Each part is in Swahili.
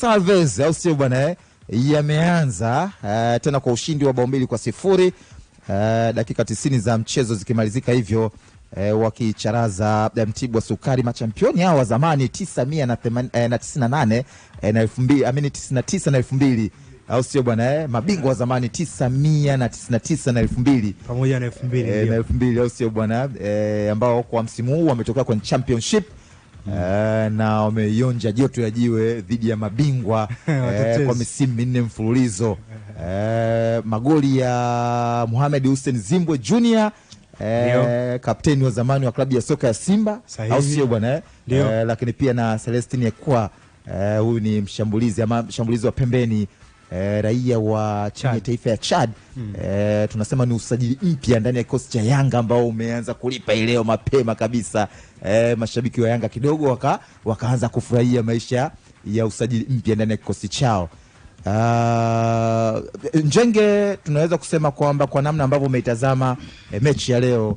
Salves, au sio bwana eh? Yameanza uh, tena kwa ushindi wa bao mbili kwa sifuri uh, dakika tisini za mchezo zikimalizika hivyo uh, wakicharaza Mtibwa Sukari, machampioni hao wa zamani tisa na 2000 amini 99 na 2000 na au sio bwana eh? Mabingwa wa zamani 999 na 2000 pamoja na 2000 mbili na 2000 au sio bwana eh, ambao kwa msimu huu wametokea kwenye championship Eh, na wameionja joto ya jiwe dhidi ya mabingwa eh, kwa misimu minne mfululizo eh, magoli ya Mohamed Hussein Zimbwe Junior Eh, kapteni wa zamani wa klabu ya soka ya Simba au sio bwana eh? eh? Lakini pia na Celestine Ekwa eh, huyu ni mshambulizi ama mshambulizi wa pembeni eh, raia wa timu taifa ya Chad mm. eh, tunasema ni usajili mpya ndani ya kikosi cha Yanga ambao umeanza kulipa ileo mapema kabisa. eh, mashabiki wa Yanga kidogo waka, wakaanza kufurahia maisha ya usajili mpya ndani ya kikosi chao. Uh, Njenge, tunaweza kusema kwamba kwa namna ambavyo umeitazama eh, mechi ya leo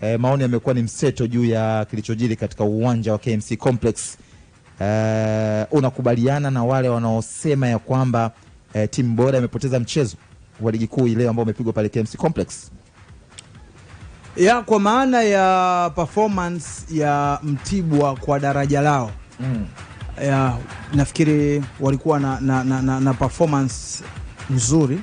eh, maoni yamekuwa ni mseto juu ya kilichojiri katika uwanja wa KMC Complex. Uh, unakubaliana na wale wanaosema ya kwamba eh, timu bora imepoteza mchezo wa ligi kuu ileo ambao umepigwa pale KMC Complex ya kwa maana ya performance ya Mtibwa kwa daraja lao mm. ya, nafikiri walikuwa na, na, na, na, na performance nzuri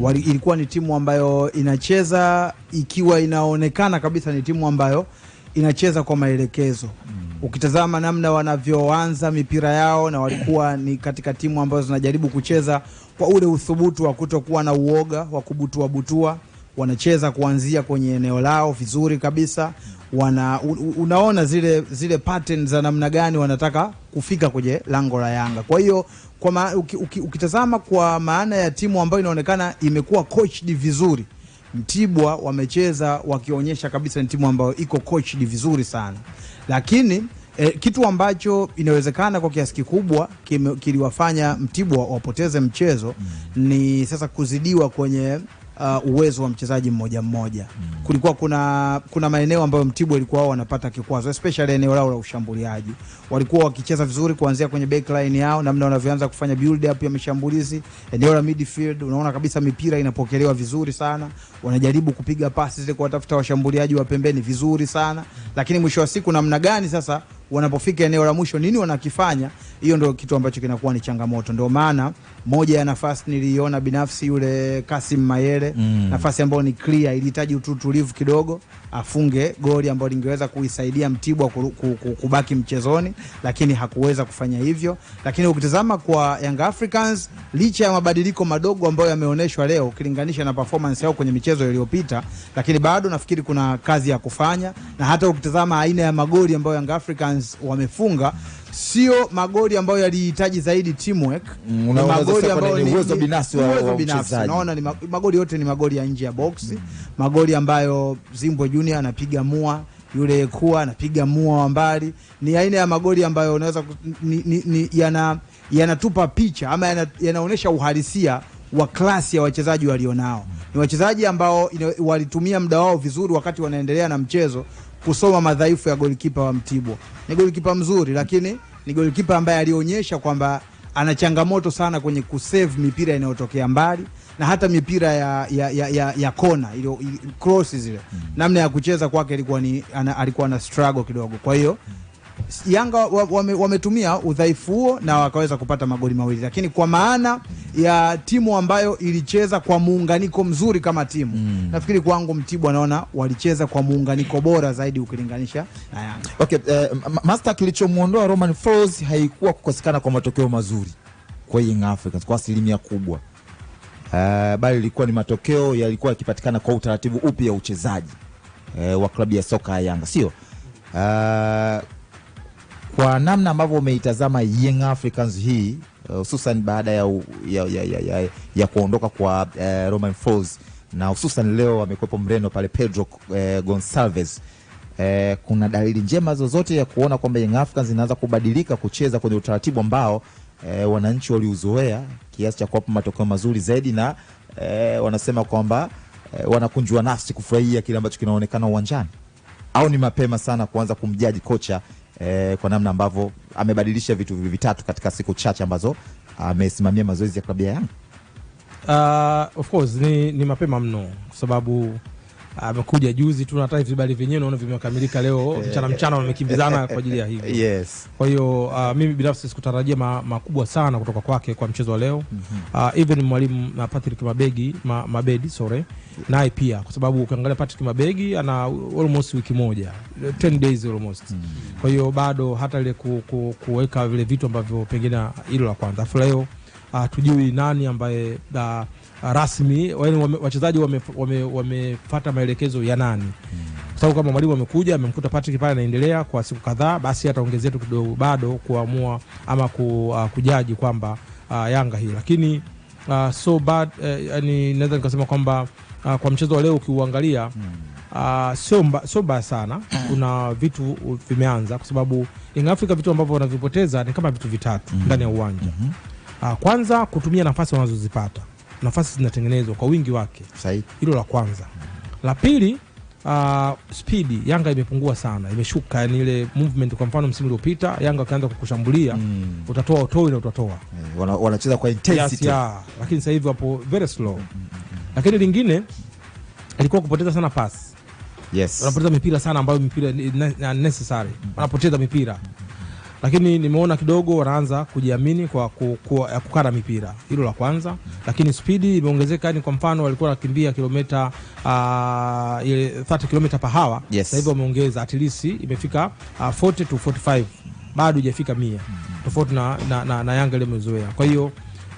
Wali, ilikuwa ni timu ambayo inacheza ikiwa inaonekana kabisa ni timu ambayo inacheza kwa maelekezo mm. Ukitazama namna wanavyoanza mipira yao na walikuwa ni katika timu ambazo zinajaribu kucheza kwa ule uthubutu wa kutokuwa na uoga wa kubutua butua, wanacheza kuanzia kwenye eneo lao vizuri kabisa. Wana, unaona zile, zile pattern za namna gani wanataka kufika kwenye lango la Yanga. Kwa hiyo kwa ma, uki, uki, ukitazama kwa maana ya timu ambayo inaonekana imekuwa coached vizuri, Mtibwa wamecheza wakionyesha kabisa ni timu ambayo iko coached vizuri sana, lakini E, kitu ambacho inawezekana kwa kiasi kikubwa kiliwafanya Mtibwa wapoteze mchezo mm. ni sasa kuzidiwa kwenye uh, uwezo wa mchezaji mmoja mmoja. Kulikuwa kuna, kuna maeneo ambayo Mtibwa alikuwa wao wanapata kikwazo, especially eneo lao la ushambuliaji. Walikuwa wakicheza vizuri kuanzia kwenye backline yao, namna wanavyoanza kufanya build up ya mashambulizi, eneo la midfield, unaona kabisa mipira inapokelewa vizuri sana, wanajaribu kupiga pasi zile kuwatafuta washambuliaji wa pembeni vizuri sana, lakini mwisho wa siku namna gani sasa wanapofika eneo la mwisho nini wanakifanya? Hiyo ndio kitu ambacho kinakuwa ni changamoto, ndio maana moja ya nafasi niliona binafsi yule Kasim Mayele mm. nafasi ambayo ni clear, ilihitaji utulivu kidogo afunge goli ambayo lingeweza kuisaidia Mtibwa kubaki mchezoni, lakini hakuweza kufanya hivyo. Lakini ukitazama kwa Young Africans, licha ya mabadiliko madogo ambayo yameonyeshwa leo ukilinganisha na performance yao kwenye michezo iliyopita, lakini bado nafikiri kuna kazi ya kufanya, na hata ukitazama aina ya magoli ambayo Young Africans wamefunga sio magoli ambayo yalihitaji zaidi teamwork, mm, ni magoli ambayo ni uwezo binafsi wa uwezo Naona ni magoli yote ni magoli ya nje ya box mm. magoli ambayo Zimbwe Junior anapiga mua yule kuwa anapiga mua wa mbali, ni aina ya magoli ambayo unaweza yana yanatupa picha ama yana, yanaonyesha uhalisia wa klasi ya wachezaji walionao. Mm. Ni wachezaji ambao ina, walitumia muda wao vizuri wakati wanaendelea na mchezo kusoma madhaifu ya golikipa wa Mtibwa. Ni golikipa mzuri, lakini ni golikipa ambaye alionyesha kwamba ana changamoto sana kwenye kusave mipira inayotokea mbali na hata mipira ya, ya, ya, ya, ya kona ile cross zile mm. Namna ya kucheza kwake ilikuwa ni ana, alikuwa na struggle kidogo, kwa hiyo Yanga wametumia wa udhaifu huo na wakaweza kupata magoli mawili, lakini kwa maana ya timu ambayo ilicheza kwa muunganiko mzuri kama timu mm. Nafikiri kwangu Mtibwa naona walicheza kwa muunganiko bora zaidi ukilinganisha na Yanga. Okay, uh, master kilichomwondoa Roman Falls haikuwa kukosekana kwa matokeo mazuri kwa Young Africans kwa asilimia kubwa uh, bali ilikuwa ni matokeo yalikuwa yakipatikana kwa utaratibu upi ya uchezaji uh, wa klabu ya soka ya Yanga sio uh, kwa namna ambavyo umeitazama Young Africans hii Eh, hususan baada ya, ya, ya, ya, ya, ya kuondoka kwa uh, Romain Folz na hususan leo amekuwepo mreno pale Pedro uh, Gonsalves. Eh, kuna dalili njema zozote ya kuona kwamba Young Africans inaanza kubadilika kucheza kwenye utaratibu ambao eh, wananchi waliuzoea kiasi cha kuwapa matokeo mazuri zaidi na eh, wanasema kwamba eh, wanakunjua nafsi kufurahia kile ambacho kinaonekana uwanjani, au ni mapema sana kuanza kumjaji kocha eh, kwa namna ambavyo amebadilisha vitu vitatu katika siku chache ambazo amesimamia mazoezi ya klabu ya Yanga. Uh, of course ni, ni mapema mno kwa sababu amekuja juzi tu, hata vibali vyenyewe naona vimekamilika leo eh, mchana mchana, wamekimbizana kwa ajili ya hivi yes. Kwa hiyo uh, mimi binafsi sikutarajia ma, makubwa sana kutoka kwake kwa mchezo wa leo mm -hmm. Uh, even mwalimu na uh, Patrick Mabegi ma, Mabedi sorry, naye pia kwa sababu ukiangalia Patrick Mabegi ana almost wiki moja 10 days almost mm -hmm. Kwa hiyo bado hata ile ku, ku, kuweka vile vitu ambavyo pengine hilo la kwanza, afu leo Ah, hatujui nani ambaye da, ah, rasmi wachezaji wamefata wame, wame maelekezo ya nani Kwa sababu kama mwalimu amekuja amemkuta Patrick pale anaendelea kwa siku kadhaa, basi ataongezea tu kidogo bado kuamua ama ku, uh, kujaji kwamba uh, Yanga hii lakini uh, so bad eh, yani uh, naweza nikasema kwamba uh, kwa mchezo wa leo ukiuangalia Uh, sio mbaya sana. Kuna vitu vimeanza, kwa sababu Young Africa vitu ambavyo wanavipoteza ni kama vitu vitatu hmm. ndani mm -hmm. ya uwanja mm -hmm. Ah, kwanza kutumia nafasi wanazozipata, nafasi zinatengenezwa kwa wingi wake, sahihi. Hilo la kwanza. La pili Uh, ah, spidi Yanga imepungua sana, imeshuka yani ile movement. Kwa mfano msimu uliopita Yanga wakaanza kukushambulia mm. utatoa utoi na utatoa yeah, wanacheza kwa intensity yes, yeah. Lakini sasa hivi wapo very slow mm -hmm. Lakini lingine ilikuwa kupoteza sana pass yes. Wanapoteza mipira sana ambayo mipira necessary, hmm. wanapoteza mipira mm -hmm lakini nimeona kidogo wanaanza kujiamini kwa kukaa na mipira, hilo la kwanza. Lakini spidi imeongezeka, yani kwa mfano walikuwa wanakimbia kilomita uh, ah, 30 kilomita per hour yes. Sasa hivi wameongeza at least imefika uh, ah, 40 to 45 bado hujafika mia tofauti na, na, na, na Yanga ile imezoea. Kwa hiyo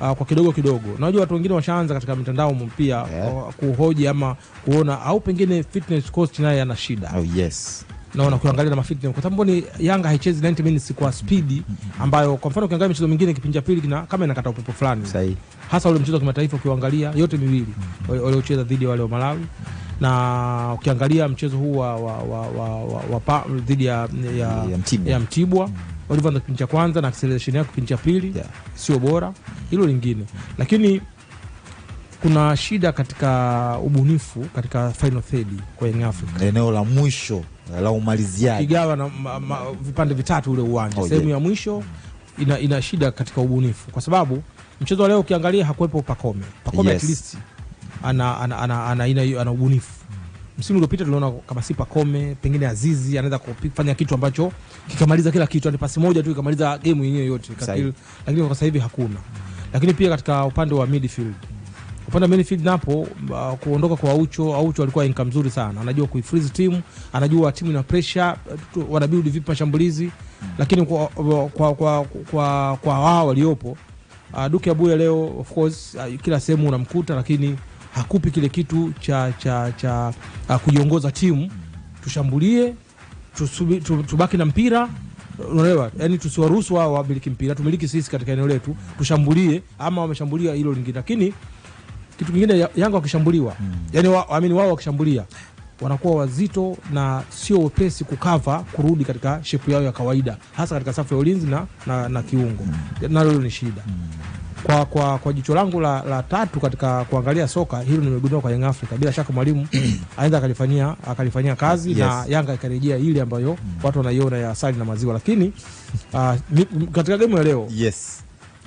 uh, kwa kidogo kidogo, najua watu wengine washaanza katika mitandao pia yeah. kuhoji ama kuona au pengine fitness coach naye ana shida oh, yes naona kuangalia na mafiti kwa sababu ni Yanga haichezi 90 minutes kwa speed ambayo kwa mfano ukiangalia michezo mingine kipindi cha pili kina kama inakata upepo fulani. Sahihi. Hasa ule mchezo wa kimataifa ukiangalia yote miwili waliocheza dhidi ya wale wa Malawi na ukiangalia mchezo huu wa wa wa, wa, wa, wa pa, dhidi ya ya, ya Mtibwa, ya Mtibwa walivyoanza kipindi cha kwanza na acceleration yao kipindi cha pili yeah, sio bora hilo lingine lakini kuna shida katika ubunifu katika final third kwa Young Africa, eneo la mwisho la umaliziaji, kigawa na ma, ma, vipande vitatu ule uwanja oh, sehemu yeah, ya mwisho mm. ina, ina shida katika ubunifu, kwa sababu mchezo wa leo ukiangalia hakuwepo Pakome. Pakome yes, at least ana, ana, ana, ana, ana, ina, ana ubunifu msimu uliopita tuliona kama si Pakome, pengine Azizi anaweza kufanya kitu ambacho kikamaliza kila kitu, ni pasi moja tu ikamaliza game yenyewe yote, lakini kwa sasa hivi hakuna. Lakini pia katika upande wa midfield upande wa midfield napo uh, kuondoka kwa Aucho. Aucho alikuwa inka mzuri sana, anajua kuifreeze timu, anajua timu ina pressure, uh, wanabuild vipi mashambulizi mm. Lakini kwa kwa uh, kwa, kwa, kwa, kwa wao waliopo uh, Duke Abuya leo of course uh, kila sehemu unamkuta, lakini hakupi kile kitu cha cha cha uh, kujiongoza timu, tushambulie tusubi, tubaki na mpira Unaelewa, yani tusiwaruhusu wao wamiliki mpira, tumiliki sisi katika eneo letu, tushambulie. Ama wameshambulia hilo lingine, lakini kitu kingine, Yanga wakishambuliwa mm. yani wa, amini wao wakishambulia wanakuwa wazito na sio wepesi kukava kurudi katika shepu yao ya kawaida, hasa katika safu ya ulinzi na, na, na kiungo mm. nalo hilo ni shida mm. Kwa, kwa, kwa jicho langu la, la tatu katika kuangalia soka hilo nimegundua kwa Young Africa, bila shaka mwalimu hmm. aenda akalifanyia akalifanyia kazi yes. na Yanga ikarejea ile ambayo mm. watu wanaiona ya asali na maziwa, lakini uh, katika gemu ya leo yes.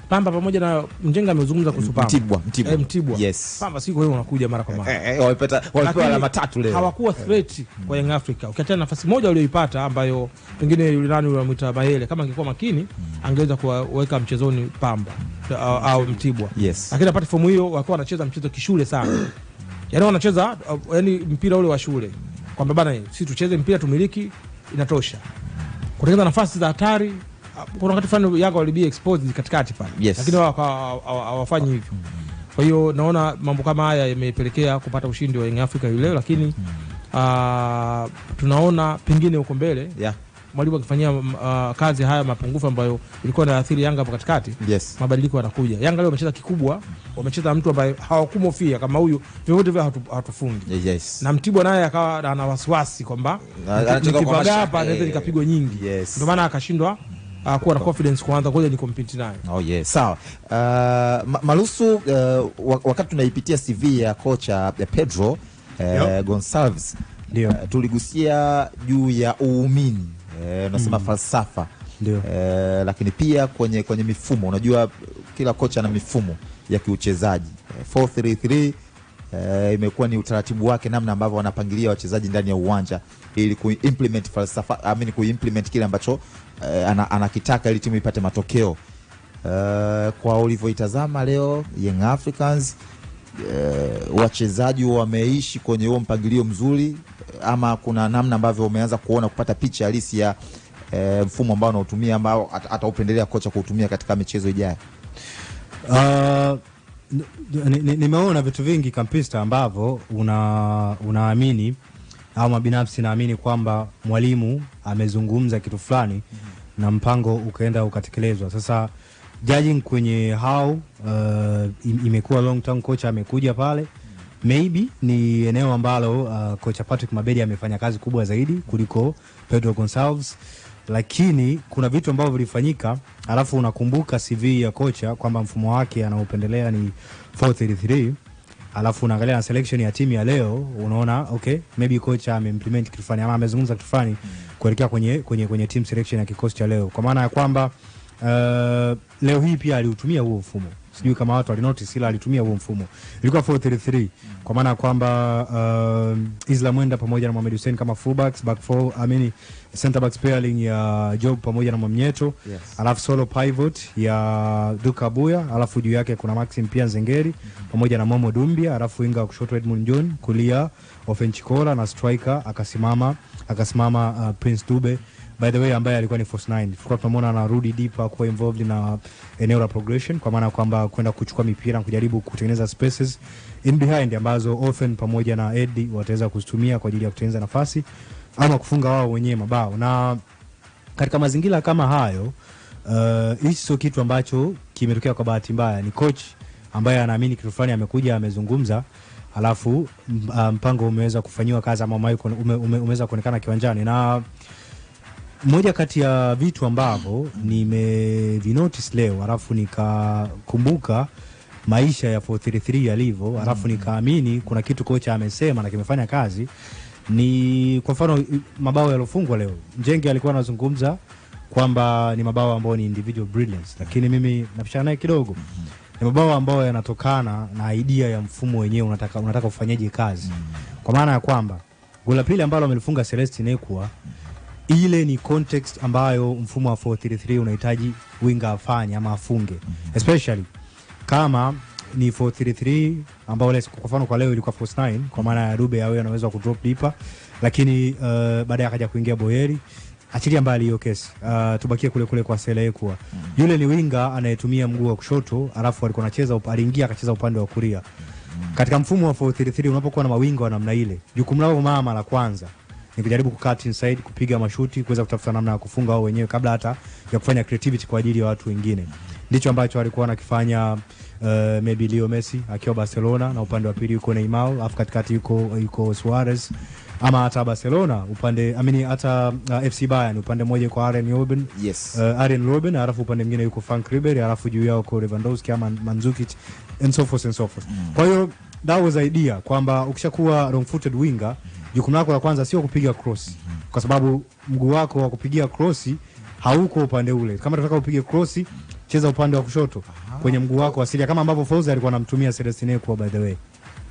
Pamba pamoja na Mjenga amezungumza kuhusu Pamba. Mtibwa, Mtibwa. Eh, Mtibwa. Yes. Pamba siku hiyo unakuja mara kwa mara. Eh, eh wamepata wamepewa alama tatu leo. Hawakuwa eh. threat kwa Young Africa. Ukiacha nafasi moja walioipata ambayo pengine yule nani unamuita Mahele kama angekuwa makini angeweza kuweka mchezoni Pamba eh, au Mtibwa. Yes. Lakini apate fomu hiyo walikuwa wanacheza mchezo kishule sana. Yaani wanacheza yaani mpira ule wa shule. Kwamba bana sisi tucheze mpira tumiliki inatosha. Kutengeza nafasi za hatari kuna wakati fulani Yanga walibi exposed katikati pale yes. Lakini wao hawafanyi hivyo. Kwa hiyo naona mambo kama haya yamepelekea kupata ushindi wa Young Africa leo, lakini uh, tunaona pengine huko mbele yeah. Mwalimu akifanyia uh, kazi haya mapungufu ambayo ilikuwa inaathiri Yanga hapo katikati yes. Mabadiliko yanakuja. Yanga leo wamecheza kikubwa, wamecheza mtu ambaye hawakumhofia kama huyu, vyovyote vile hatufungi yes. Na Mtibwa naye akawa ana wasiwasi kwamba nikipagaa hapa naweza nikapigwa eh, nyingi, ndio maana akashindwa uh, kuwa na confidence kwanza, ngoja ni compete naye. Oh yes, sawa. Uh, Malusu, uh, wakati tunaipitia CV ya kocha Pedro uh, Goncalves ndio, uh, tuligusia juu ya uumini uh, unasema uh, mm. falsafa ndio. uh, lakini pia kwenye, kwenye mifumo unajua kila kocha ana mifumo ya kiuchezaji 433 uh, Uh, imekuwa ni utaratibu wake namna ambavyo wanapangilia wachezaji ndani ya uwanja ili kuimplement falsafa, I mean kuimplement kile ambacho e, anakitaka ili timu ipate matokeo Uh, kwa ulivyoitazama leo Young Africans uh, wachezaji wameishi kwenye huo mpangilio mzuri ama kuna namna ambavyo umeanza kuona kupata picha halisi ya e, mfumo ambao anautumia ambao ataupendelea kocha kuutumia katika michezo ijayo? Uh, nimeona vitu vingi kampista ambavyo una unaamini ama binafsi naamini kwamba mwalimu amezungumza kitu fulani mm -hmm. na mpango ukaenda ukatekelezwa. Sasa judging kwenye how uh, imekuwa long tan kocha amekuja pale maybe ni eneo ambalo uh, kocha Patrick Mabedi amefanya kazi kubwa zaidi kuliko Pedro Gonsalves lakini kuna vitu ambavyo vilifanyika, alafu unakumbuka CV ya kocha kwamba mfumo wake anaopendelea ni 433 alafu unaangalia na selection ya timu ya leo, unaona okay, maybe kocha ameimplement kitu fulani ama amezungumza kitu fulani kuelekea kwenye, kwenye, kwenye team selection ya kikosi cha leo, kwa maana ya kwamba uh, leo hii pia aliutumia huo mfumo sijui kama watu walinotice, ila alitumia huo mfumo, ilikuwa 433 kwa maana kwamba uh, Islam Mwenda pamoja na Mohamed Hussein kama fullbacks, back four, I mean center backs pairing ya Job pamoja na Mwamnyeto yes. Alafu solo pivot ya Duka Buya, alafu juu yake kuna Maxim pia Nzengeri pamoja na Momo Dumbia, alafu winga kushoto Edmund John, kulia Ofenchikola na striker akasimama akasimama uh, Prince Dube by the way, ambaye alikuwa ni Force 9 tulikuwa tunamwona anarudi deep akuwa involved na eneo la progression, kwa maana kwamba kwenda kuchukua mipira na kujaribu kutengeneza spaces in behind ambazo often pamoja na Eddie wataweza kuzitumia kwa ajili ya kutengeneza nafasi ama kufunga wao wenyewe mabao. Na katika mazingira kama hayo uh, hichi uh, sio kitu ambacho kimetokea kwa bahati mbaya. Ni coach ambaye anaamini kitu fulani, amekuja amezungumza alafu uh, mpango umeweza kufanyiwa kazi ama umeweza kuonekana kiwanjani na moja kati ya vitu ambavyo nimevinotice leo alafu nikakumbuka maisha ya 433 yalivyo, alafu mm. nikaamini kuna kitu kocha amesema na kimefanya kazi. Ni kwa mfano mabao yalofungwa leo, Njenge alikuwa anazungumza kwamba ni mabao ambayo ni individual brilliance, lakini mimi napishana naye kidogo. Ni mabao ambayo yanatokana na idea ya mfumo wenyewe, unataka unataka ufanyeje kazi, mm. kwa maana ya kwamba gola pili ambalo amelifunga Celestine Ekwa ile ni context ambayo mfumo wa 433 unahitaji winga afanye ama afunge, mm -hmm. especially kama ni 433 ambao kwa mfano kwa leo ilikuwa 49 kwa maana ya Dube awe anaweza ku drop deeper, lakini uh, baadaye akaja kuingia Boyeri. Achilia mbali hiyo kesi uh, tubakie kule kule kwa Sele kwa mm -hmm. yule ni winga anayetumia mguu wa kushoto, alafu alikuwa anacheza aliingia akacheza upande wa kulia. mm -hmm. Katika mfumo wa 433 unapokuwa na mawinga na namna ile, jukumu lao mama la kwanza ni kujaribu kukaa inside kupiga mashuti kuweza kutafuta namna ya kufunga wao wenyewe kabla hata ya kufanya creativity kwa ajili ya watu wengine. Ndicho ambacho alikuwa anakifanya uh, maybe Leo Messi akiwa Barcelona, na upande wa pili yuko Neymar, afu katikati yuko yuko Suarez ama hata Barcelona upande I mean hata uh, FC Bayern upande mmoja yuko Arjen Robben, yes. Uh, Arjen Robben alafu upande mwingine yuko Frank Ribery alafu juu yao yuko Lewandowski ama Mandzukic and so forth and so forth. mm. Kwa hiyo that was idea kwamba ukishakuwa long footed winger jukumu lako la kwanza sio kupiga cross, kwa sababu mguu wako wa kupigia cross hauko upande ule. Kama unataka upige cross, cheza upande wa kushoto kwenye mguu wako asilia, kama ambavyo Fauzi alikuwa anamtumia Celestine kwa, by the way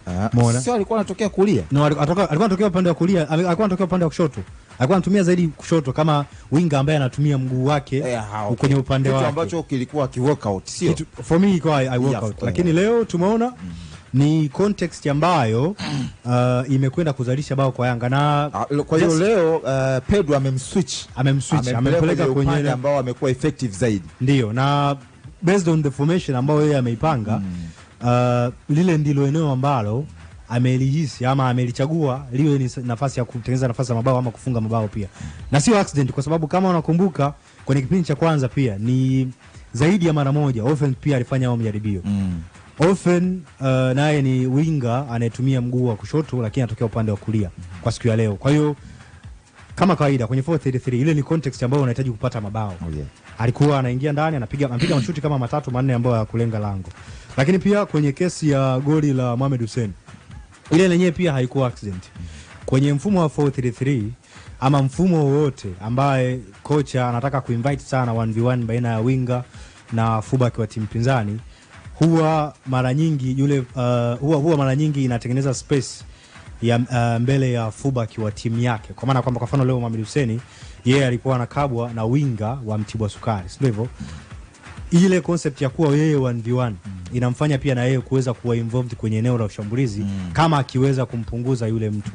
ah, Mona. Sio alikuwa anatokea kulia. No, alikuwa anatokea upande wa kulia, alikuwa anatokea upande wa kushoto. Alikuwa anatumia zaidi kushoto kama winga ambaye anatumia mguu wake yeah, okay. kwenye upande wake. Kitu ambacho kilikuwa ki workout, sio? For me ilikuwa I I workout. Yeah, Lakini yeah. leo tumeona mm -hmm ni context ambayo uh, imekwenda kuzalisha bao kwa Yanga na ah, kwa hiyo leo uh, Pedro amemswitch amemswitch amempeleka kwenye ile ambayo amekuwa effective zaidi, ndio na based on the formation ambayo yeye ameipanga mm. uh, lile ndilo eneo ambalo amelihisi ama amelichagua liwe ni nafasi ya kutengeneza nafasi ya mabao ama kufunga mabao pia, hmm. na sio accident, kwa sababu kama unakumbuka kwenye kipindi cha kwanza pia ni zaidi ya mara moja Offense pia alifanya hao majaribio mm. Ofen uh, naye ni winga anayetumia mguu wa kushoto lakini anatokea upande wa kulia kwa siku ya leo. Kwa hiyo kama kawaida kwenye 433 ile ni context ambayo unahitaji kupata mabao. Okay. Oh, Alikuwa anaingia ndani anapiga anapiga mashuti kama matatu manne ambayo ya kulenga lango. Lakini pia kwenye kesi ya goli la Mohamed Hussein ile lenyewe pia haikuwa accident. Kwenye mfumo wa 433 ama mfumo wowote ambaye kocha anataka kuinvite sana 1v1 baina ya winga na fullback wa timu pinzani huwa mara nyingi yule, uh, huwa, huwa mara nyingi inatengeneza space ya, uh, mbele ya fullback wa timu yake, kwa maana kwamba kwa mfano leo Mohamed Hussein yeye alikuwa anakabwa na winga wa Mtibwa Sukari, sio hivyo? Ile concept ya kuwa yeye 1v1 mm. inamfanya pia na yeye kuweza kuwa involved kwenye eneo la ushambulizi mm. kama akiweza kumpunguza yule mtu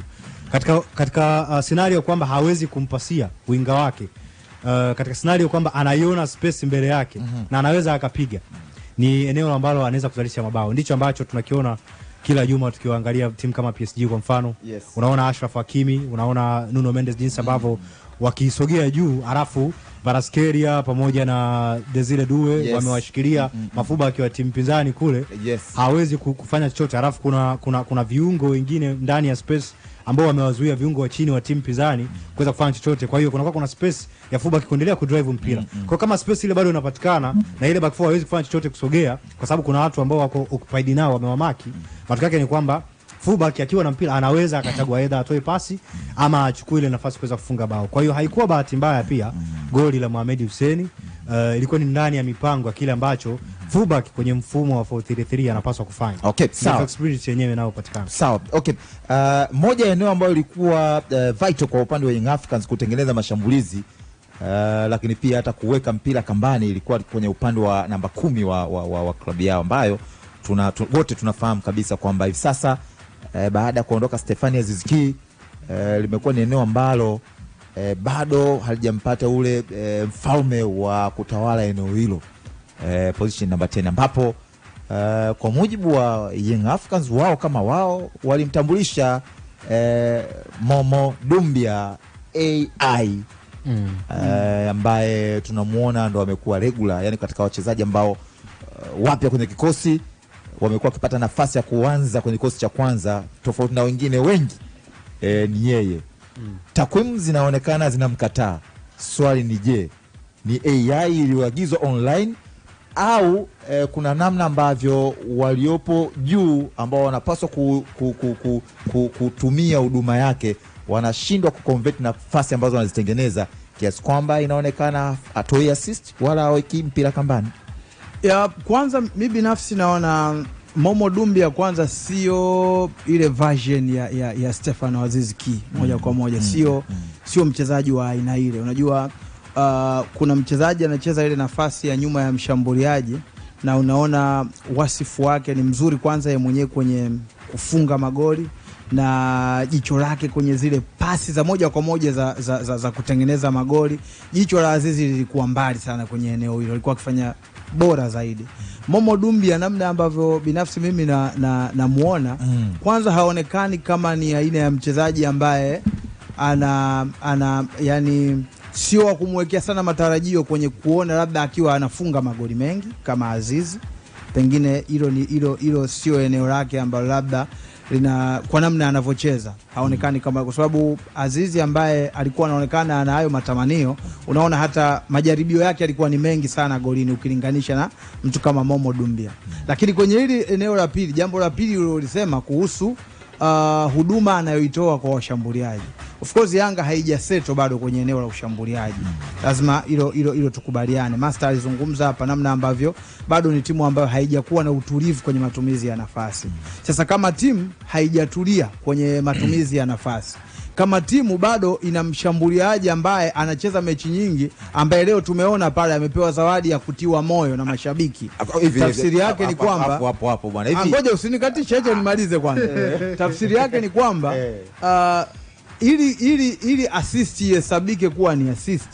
katika, katika uh, scenario kwamba hawezi kumpasia winga wake uh, katika scenario kwamba anaiona space mbele yake mm -hmm. na anaweza akapiga ni eneo ambalo anaweza kuzalisha mabao, ndicho ambacho tunakiona kila juma tukiwaangalia timu kama PSG kwa mfano yes. Unaona Ashraf Hakimi, unaona Nuno Mendes jinsi ambavyo mm. wakisogea juu, halafu Baraskeria pamoja na Desire Due yes. wamewashikilia mm -hmm. Mafuba akiwa timu pinzani kule yes. hawezi kufanya chochote, halafu kuna, kuna, kuna viungo wengine ndani ya space ambao wamewazuia viungo wa chini wa timu pinzani kuweza kufanya chochote. Kwa hiyo kunakuwa kuna space ya fullback kuendelea drive mpira. Mm, mm. Kwa kama space ile bado inapatikana mm. na ile back four haiwezi kufanya chochote kusogea kwa sababu kuna watu ambao wako occupied nao wamewamaki. Matokeo yake ni kwamba fullback akiwa na mpira anaweza akachagua aidha atoe pasi ama achukue ile nafasi kuweza kufunga bao. Kwa hiyo haikuwa bahati mbaya pia goli la Mohamed Hussein uh, ilikuwa ni ndani ya mipango ya kile ambacho fullback kwenye mfumo wa 433 anapaswa kufanya. Okay, sawa. Flexibility yenyewe nayo patikana. Sawa. Okay. Uh, moja eneo ambayo ilikuwa uh, vital kwa upande wa Young Africans kutengeneza mashambulizi uh, lakini pia hata kuweka mpira kambani ilikuwa kwenye upande wa namba kumi wa, wa, wa, wa klabu yao ambayo tuna, tu, wote tunafahamu kabisa kwamba hivi sasa uh, baada ya kuondoka Stefania Ziziki uh, limekuwa ni eneo ambalo e, bado halijampata ule e, mfalme wa kutawala eneo hilo e, position namba 10 ambapo uh, kwa mujibu wa Young Africans wao kama wao walimtambulisha uh, Momo Dumbia AI mm. mm. ambaye tunamuona ndo amekuwa regular yani katika wachezaji ambao wapya kwenye kikosi wamekuwa wakipata nafasi ya kuanza kwenye kikosi cha kwanza tofauti na wengine wengi uh, ni yeye mm. Takwimu zinaonekana zinamkataa. Swali ni je, ni AI iliyoagizwa online au eh, kuna namna ambavyo waliopo juu ambao wanapaswa ku, ku, ku, ku, ku, kutumia huduma yake wanashindwa kuconvert nafasi ambazo wanazitengeneza kiasi kwamba inaonekana atoi assist wala aweki mpira kambani. Ya kwanza, mi binafsi naona Momo Dumbi ya kwanza sio ile version ya, ya, ya Stefano Aziz Ki moja kwa moja, mm, sio mm, mm. sio mchezaji wa aina ile. Unajua uh, kuna mchezaji anacheza ile nafasi ya nyuma ya mshambuliaji na unaona wasifu wake ni mzuri, kwanza ye mwenyewe kwenye kufunga magoli na jicho lake kwenye zile pasi za moja kwa moja za, za, za, za kutengeneza magoli. Jicho la Azizi lilikuwa mbali sana kwenye eneo hilo, alikuwa akifanya bora zaidi. Momo Dumbia, namna ambavyo binafsi mimi namwona na, na mm. Kwanza haonekani kama ni aina ya mchezaji ambaye ana, ana yani sio wa kumwekea sana matarajio kwenye kuona labda akiwa anafunga magoli mengi kama Azizi, pengine hilo hilo sio eneo lake ambalo labda lina kwa namna anavyocheza haonekani kama, kwa sababu Azizi ambaye alikuwa anaonekana ana hayo matamanio, unaona hata majaribio yake alikuwa ni mengi sana golini ukilinganisha na mtu kama Momo Dumbia. Lakini kwenye hili eneo la pili, jambo la pili ulilosema kuhusu uh, huduma anayoitoa kwa washambuliaji Of course Yanga haijaseto bado kwenye eneo la ushambuliaji, lazima hilo hilo hilo tukubaliane. Master alizungumza hapa namna ambavyo bado ni timu ambayo haijakuwa na utulivu kwenye matumizi ya nafasi. Sasa kama timu haijatulia kwenye matumizi ya nafasi kama timu bado ina mshambuliaji ambaye anacheza mechi nyingi, ambaye leo tumeona pale amepewa zawadi ya kutiwa moyo na mashabiki. Ah, Tafsiri yake ni kwamba hapo hapo bwana, ah, ngoja usinikatishe, acha nimalize kwanza. Tafsiri yake ni kwamba uh, ili ili ili assist ihesabike kuwa ni assist,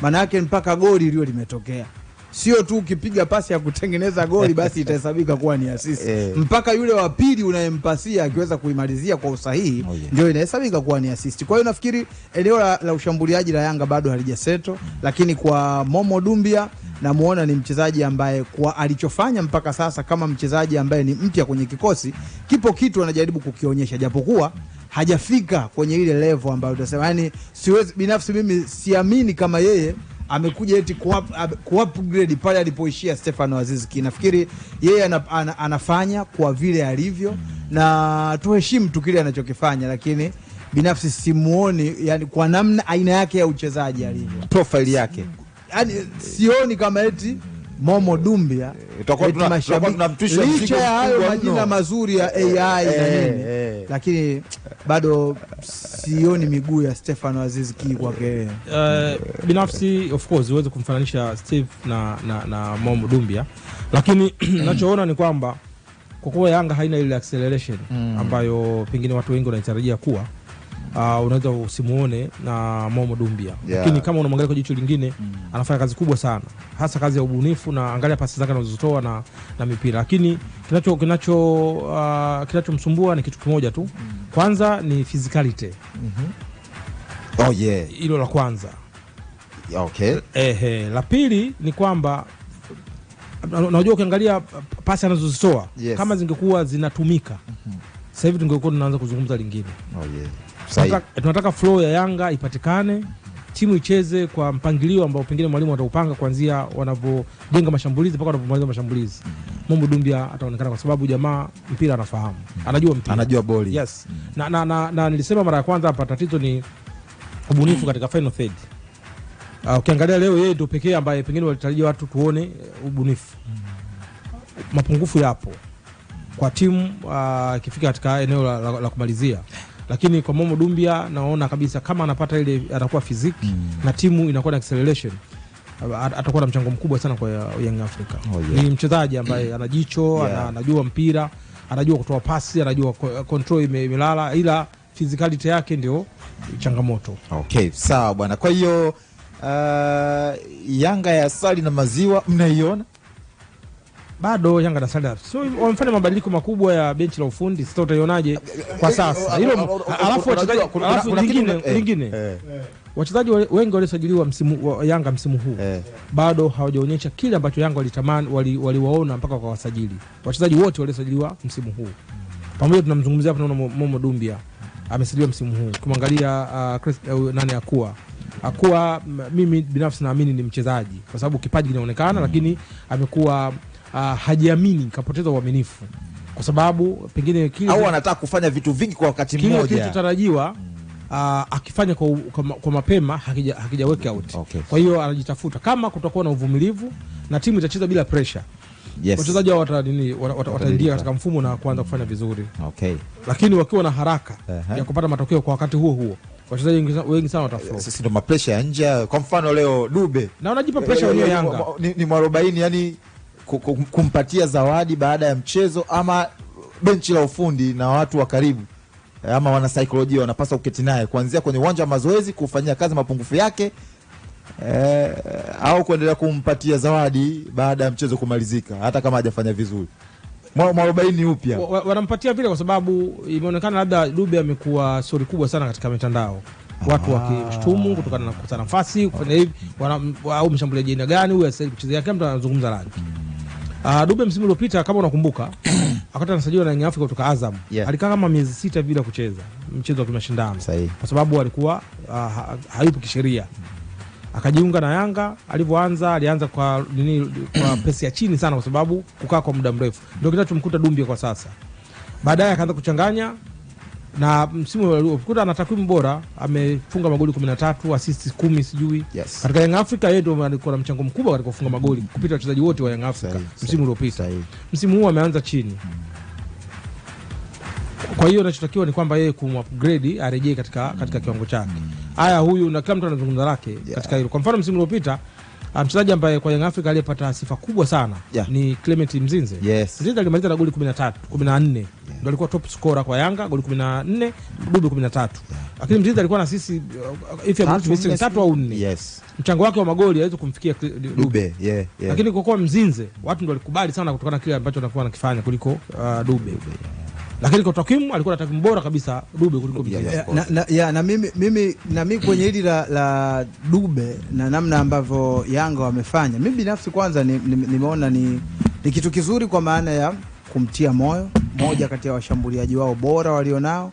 maana yake mpaka goli liyo limetokea sio tu ukipiga pasi ya kutengeneza goli basi itahesabika kuwa ni asisi eh. Mpaka yule wa pili unayempasia akiweza kuimalizia kwa usahihi oh, yeah. Ndio inahesabika kuwa ni assist. Kwa hiyo nafikiri eneo la, la ushambuliaji la Yanga bado halijaseto mm. Lakini kwa Momo Dumbia mm. namuona ni mchezaji ambaye kwa alichofanya mpaka sasa kama mchezaji ambaye ni mpya kwenye kikosi, kipo kitu anajaribu kukionyesha, japokuwa mm hajafika kwenye ile level ambayo utasema, yani siwezi binafsi mimi siamini kama yeye amekuja eti upgrade pale alipoishia Stefano Aziziki. Nafikiri yeye anafanya kwa vile alivyo na tuheshimu tu kile anachokifanya, lakini binafsi simuoni yani, kwa namna aina yake ya uchezaji alivyo, profile yake yani, sioni kama eti Momo Dumbia eh, licha ya hayo majina mazuri ya eh, AI na eh, nini, lakini bado sioni miguu ya Stefano Aziz Ki kwake. Uh, binafsi of course huwezi kumfananisha Steve na, na, na Momo Dumbia, lakini nachoona ni kwamba kwa kuwa Yanga haina ile acceleration mm. ambayo pengine watu wengi wanaitarajia kuwa uh, unaweza usimuone na Momo Dumbia yeah. Lakini kama unamwangalia kwa jicho lingine mm. anafanya kazi kubwa sana, hasa kazi ya ubunifu na angalia pasi zake anazotoa na, na mipira. Lakini kinacho kinacho uh, kinachomsumbua ni kitu kimoja tu mm. Kwanza ni physicality mm -hmm. oh, yeah. Hilo la kwanza okay. Ehe, la pili ni kwamba unajua ukiangalia pasi anazozitoa yes. kama zingekuwa zinatumika mm -hmm. Sasa hivi tungekuwa tunaanza kuzungumza lingine oh, yeah tunataka, tunataka flow ya Yanga ipatikane, timu icheze kwa mpangilio ambao pengine mwalimu ataupanga kuanzia wanavyojenga mashambulizi mpaka wanapomaliza mashambulizi. Mumbu mm. Dumbia ataonekana kwa sababu jamaa mpira anafahamu, mm. anajua mpira, anajua boli. Yes. Mm. Na, na, na, na nilisema mara ya kwanza hapa tatizo ni ubunifu katika final third. Uh, ukiangalia leo yeye ndio pekee ambaye pengine walitarajia watu tuone eh, ubunifu. Mapungufu yapo kwa timu ah, ikifika uh, katika eneo la, la, la kumalizia lakini kwa Momo Dumbia naona kabisa kama anapata ile atakuwa fiziki mm. na timu inakuwa na acceleration atakuwa na mchango mkubwa sana kwa Young Africa. Oh, yeah. Ni mchezaji ambaye ana jicho yeah. anajua mpira, anajua kutoa pasi, anajua control imelala, ila physicality yake ndio changamoto. Okay, sawa bwana. Kwa hiyo uh, Yanga ya asali na maziwa mnaiona bado Yanga na Standard so wamefanya mabadiliko makubwa ya benchi la ufundi, sasa utaionaje kwa eh, sasa eh, hilo? Eh, alafu alafu lingine lingine wachezaji wengi waliosajiliwa msimu wa Yanga msimu huu eh, bado hawajaonyesha kile ambacho Yanga walitamani waliwaona wali mpaka kwa wasajili wachezaji wote waliosajiliwa msimu huu pamoja, tunamzungumzia hapa, tunaona Momo Dumbia amesajiliwa msimu huu, ukimwangalia uh, uh, nani akua akua, mimi binafsi naamini ni mchezaji kwa sababu kipaji kinaonekana, mm, lakini amekuwa uh, hajiamini, kapoteza uaminifu kwa sababu pengine kile au anataka kufanya vitu vingi kwa wakati mmoja, kile kinachotarajiwa uh, mm. ah, akifanya kwa, kwa, kwa mapema hakija, hakija work out okay. Kwa hiyo anajitafuta, kama kutakuwa na uvumilivu na timu itacheza bila pressure Yes. Wachezaji hao wataingia wata, wata katika mfumo na kuanza kufanya vizuri okay. Lakini wakiwa na haraka uh -huh. ya kupata matokeo kwa wakati huo huo wachezaji wengi sana wataflow. Sisi ndo mapresha ya nje, kwa mfano leo Dube na wanajipa presha wenyewe Yanga ni mwarobaini yani kumpatia zawadi baada ya mchezo ama benchi la ufundi na watu wa karibu ama wanasaikolojia wanapaswa kuketi naye kuanzia kwenye uwanja wa mazoezi kufanyia kazi mapungufu yake eh, au kuendelea kumpatia zawadi baada ya mchezo kumalizika, hata kama hajafanya vizuri. Mwarobaini upya wanampatia vile, kwa sababu imeonekana labda Dube amekuwa stori kubwa sana katika mitandao watu ah. wakishtumu kutokana na kukosa nafasi kufanya hivi, au mshambuliaji aina gani huyu, kuchezea kila mtu anazungumza rangi Uh, Dube msimu uliopita kama unakumbuka akata anasajiliwa na Young Africa kutoka Azam yeah. Alikaa kama miezi sita bila kucheza mchezo wa kimashindano kwa sababu alikuwa uh, hayupo kisheria. Akajiunga na Yanga, alivyoanza alianza kwa nini, kwa pesi ya chini sana, kwa sababu kukaa kwa muda mrefu ndio kinacho Dumbia kwa sasa. Baadaye akaanza kuchanganya na msimu uliopita ana takwimu bora, amefunga magoli 13, assist 10, sijui yes. Katika Young Africa yeye ndio alikuwa na mchango mkubwa katika kufunga magoli mm. kupita wachezaji wote wa Young Africa msimu uliopita. Msimu huu ameanza chini mm. Kwa hiyo anachotakiwa ni kwamba yeye kumupgrade arejee katika, katika kiwango chake. Mm. Haya, huyu na kila mtu anazungumza lake yeah. Katika hilo, kwa mfano msimu uliopita Ah, mchezaji ambaye kwa Young Africa aliyepata sifa kubwa sana yeah. ni Clement Mzinze yes. Mzinze alimaliza na goli 13 14 ndio alikuwa top scorer kwa Yanga goli 14 Dube 13 Yeah. lakini Mzinze alikuwa na sisi uh, if uh, 3 au 4. yes. mchango wake wa magoli haiwezi kumfikia Dube yeah, yeah. lakini kwa kuwa Mzinze watu ndio walikubali sana kutokana na kile ambacho anakuwa anakifanya kuliko uh, Dube, Dube yeah lakini kwa takwimu alikuwa na takwimu bora kabisa Dube kuliko Bikiria. na, na, ya, na mimi, mimi, na mimi kwenye hili la, la Dube na namna ambavyo Yanga wamefanya, mimi binafsi kwanza nimeona ni, ni, ni, ni kitu kizuri kwa maana ya kumtia moyo moja kati ya washambuliaji wao bora walionao,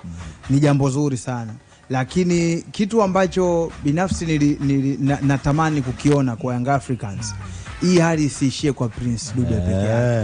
ni jambo zuri sana lakini kitu ambacho binafsi nili, nili, na, natamani kukiona kwa Young Africans, hii hali isiishie kwa Prince Dube pekee yake. Eh.